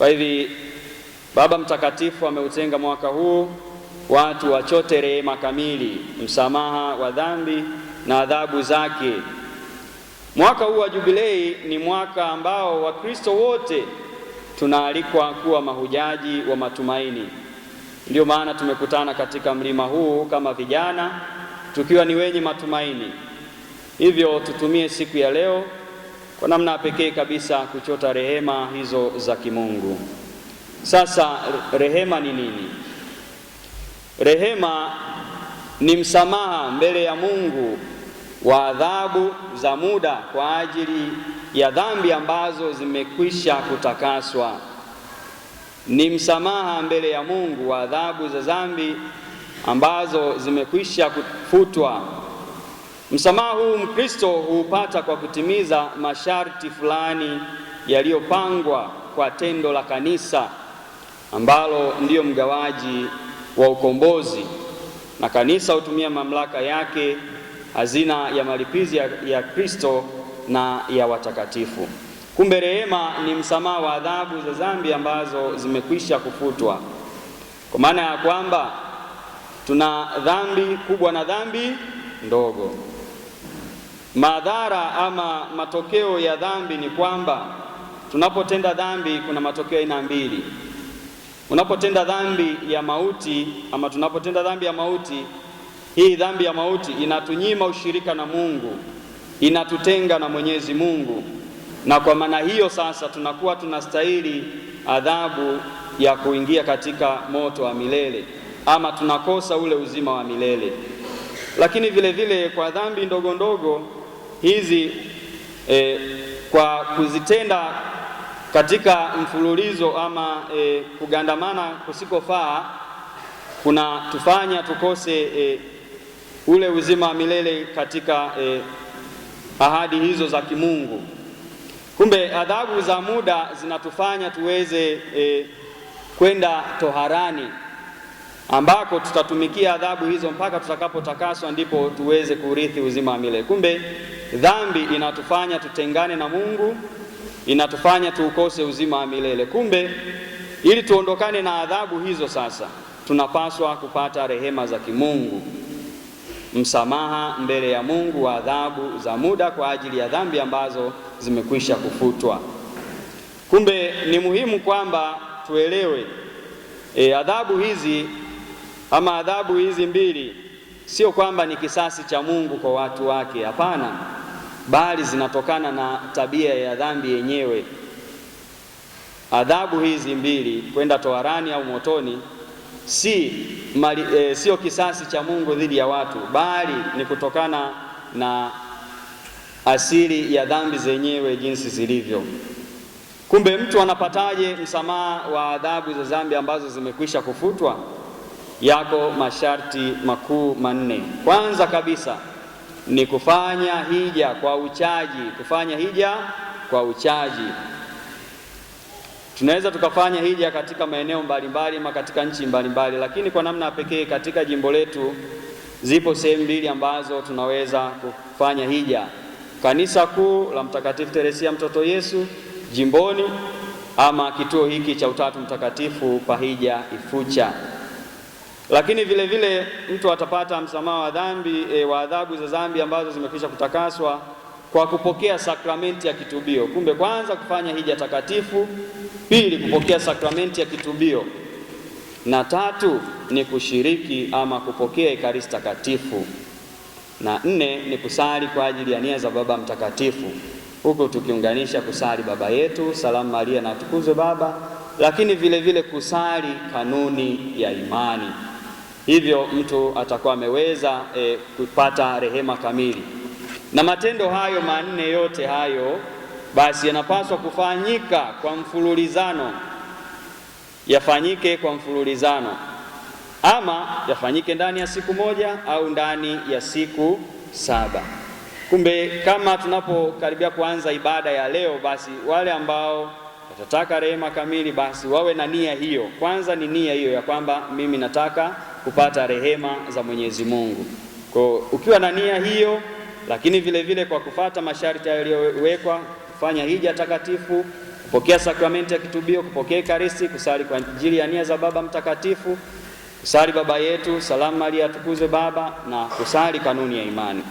Kwa hivi Baba Mtakatifu ameutenga mwaka huu watu wachote rehema kamili, msamaha wa dhambi na adhabu zake. Mwaka huu wa Jubilei ni mwaka ambao Wakristo wote tunaalikwa kuwa mahujaji wa matumaini. Ndiyo maana tumekutana katika mlima huu kama vijana, tukiwa ni wenye matumaini. Hivyo tutumie siku ya leo kwa namna pekee kabisa kuchota rehema hizo za kimungu. Sasa rehema ni nini? Rehema ni msamaha mbele ya Mungu wa adhabu za muda kwa ajili ya dhambi ambazo zimekwisha kutakaswa. Ni msamaha mbele ya Mungu wa adhabu za dhambi ambazo zimekwisha kufutwa Msamaha huu Mkristo huupata kwa kutimiza masharti fulani yaliyopangwa kwa tendo la kanisa ambalo ndiyo mgawaji wa ukombozi, na kanisa hutumia mamlaka yake, hazina ya malipizi ya Kristo na ya watakatifu. Kumbe rehema ni msamaha wa adhabu za dhambi ambazo zimekwisha kufutwa, kwa maana ya kwamba tuna dhambi kubwa na dhambi ndogo. Madhara ama matokeo ya dhambi ni kwamba tunapotenda dhambi kuna matokeo aina mbili. Unapotenda dhambi ya mauti ama tunapotenda dhambi ya mauti, hii dhambi ya mauti inatunyima ushirika na Mungu, inatutenga na Mwenyezi Mungu, na kwa maana hiyo sasa tunakuwa tunastahili adhabu ya kuingia katika moto wa milele ama tunakosa ule uzima wa milele. Lakini vile vile kwa dhambi ndogo ndogo hizi e, kwa kuzitenda katika mfululizo ama e, kugandamana kusikofaa kuna tufanya tukose e, ule uzima wa milele katika e, ahadi hizo za kimungu. Kumbe adhabu za muda zinatufanya tuweze e, kwenda toharani ambako tutatumikia adhabu hizo mpaka tutakapotakaswa, ndipo tuweze kurithi uzima wa milele. Kumbe dhambi inatufanya tutengane na Mungu, inatufanya tuukose uzima wa milele. Kumbe ili tuondokane na adhabu hizo, sasa tunapaswa kupata rehema za kimungu, msamaha mbele ya Mungu wa adhabu za muda kwa ajili ya dhambi ambazo zimekwisha kufutwa. Kumbe ni muhimu kwamba tuelewe e, adhabu hizi ama adhabu hizi mbili sio kwamba ni kisasi cha Mungu kwa watu wake, hapana, bali zinatokana na tabia ya dhambi yenyewe. Adhabu hizi mbili, kwenda toharani au motoni, si mali, e, sio kisasi cha Mungu dhidi ya watu, bali ni kutokana na asili ya dhambi zenyewe jinsi zilivyo. Kumbe mtu anapataje msamaha wa adhabu za dhambi ambazo zimekwisha kufutwa? yako masharti makuu manne. Kwanza kabisa ni kufanya hija kwa uchaji, kufanya hija kwa uchaji. Tunaweza tukafanya hija katika maeneo mbalimbali ama katika nchi mbalimbali, lakini kwa namna pekee katika jimbo letu zipo sehemu mbili ambazo tunaweza kufanya hija: kanisa kuu la Mtakatifu Teresia mtoto Yesu jimboni, ama kituo hiki cha Utatu Mtakatifu pa hija Ifucha. Lakini vile vile mtu atapata msamaha wa dhambi e, wa adhabu za dhambi ambazo zimekwisha kutakaswa kwa kupokea sakramenti ya kitubio. Kumbe kwanza kufanya hija takatifu, pili kupokea sakramenti ya kitubio, na tatu ni kushiriki ama kupokea ekaristi takatifu, na nne ni kusali kwa ajili ya nia za Baba Mtakatifu, huku tukiunganisha kusali Baba yetu, Salamu Maria na Atukuzwe Baba, lakini vile vile kusali kanuni ya imani hivyo mtu atakuwa ameweza e, kupata rehema kamili. Na matendo hayo manne yote hayo basi yanapaswa kufanyika kwa mfululizano, yafanyike kwa mfululizano, ama yafanyike ndani ya siku moja au ndani ya siku saba. Kumbe kama tunapokaribia kuanza ibada ya leo, basi wale ambao watataka rehema kamili, basi wawe na nia hiyo. Kwanza ni nia hiyo ya kwamba mimi nataka kupata rehema za Mwenyezi Mungu. Kwa ukiwa na nia hiyo, lakini vile vile kwa kufata masharti yaliyowekwa, kufanya hija takatifu, kupokea sakramenti ya kitubio, kupokea Ekaristi, kusali kwa ajili ya nia za Baba Mtakatifu, kusali Baba yetu, Salamu Maria tukuzwe Baba, na kusali kanuni ya imani.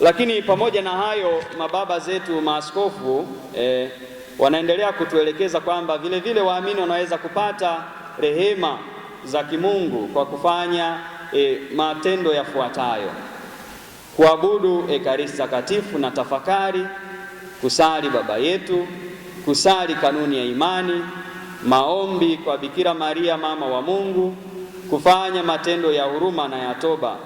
Lakini pamoja na hayo, mababa zetu maaskofu eh, wanaendelea kutuelekeza kwamba vile vile waamini wanaweza kupata rehema za kimungu kwa kufanya e, matendo yafuatayo: kuabudu Ekaristi Takatifu na tafakari, kusali Baba Yetu, kusali kanuni ya imani, maombi kwa Bikira Maria mama wa Mungu, kufanya matendo ya huruma na ya toba,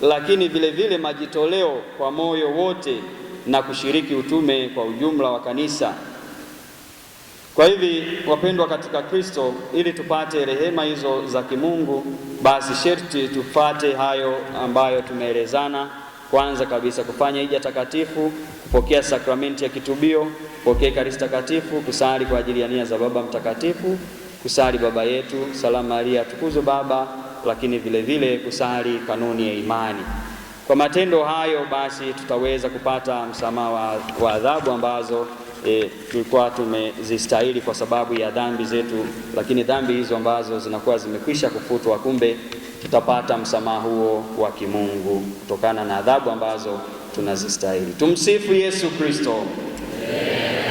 lakini vile vile majitoleo kwa moyo wote na kushiriki utume kwa ujumla wa kanisa. Kwa hivi wapendwa katika Kristo, ili tupate rehema hizo za kimungu, basi sherti tufate hayo ambayo tumeelezana. Kwanza kabisa kufanya hija takatifu, kupokea sakramenti ya kitubio, kupokea Ekaristi takatifu, kusali kwa ajili ya nia za Baba Mtakatifu, kusali Baba yetu, Salamu Maria, tukuzo Baba, lakini vile vile kusali kanuni ya imani. Kwa matendo hayo basi tutaweza kupata msamaha wa adhabu ambazo e, tulikuwa tumezistahili kwa sababu ya dhambi zetu, lakini dhambi hizo ambazo zinakuwa zimekwisha kufutwa, kumbe tutapata msamaha huo wa kimungu kutokana na adhabu ambazo tunazistahili. Tumsifu Yesu Kristo, yeah.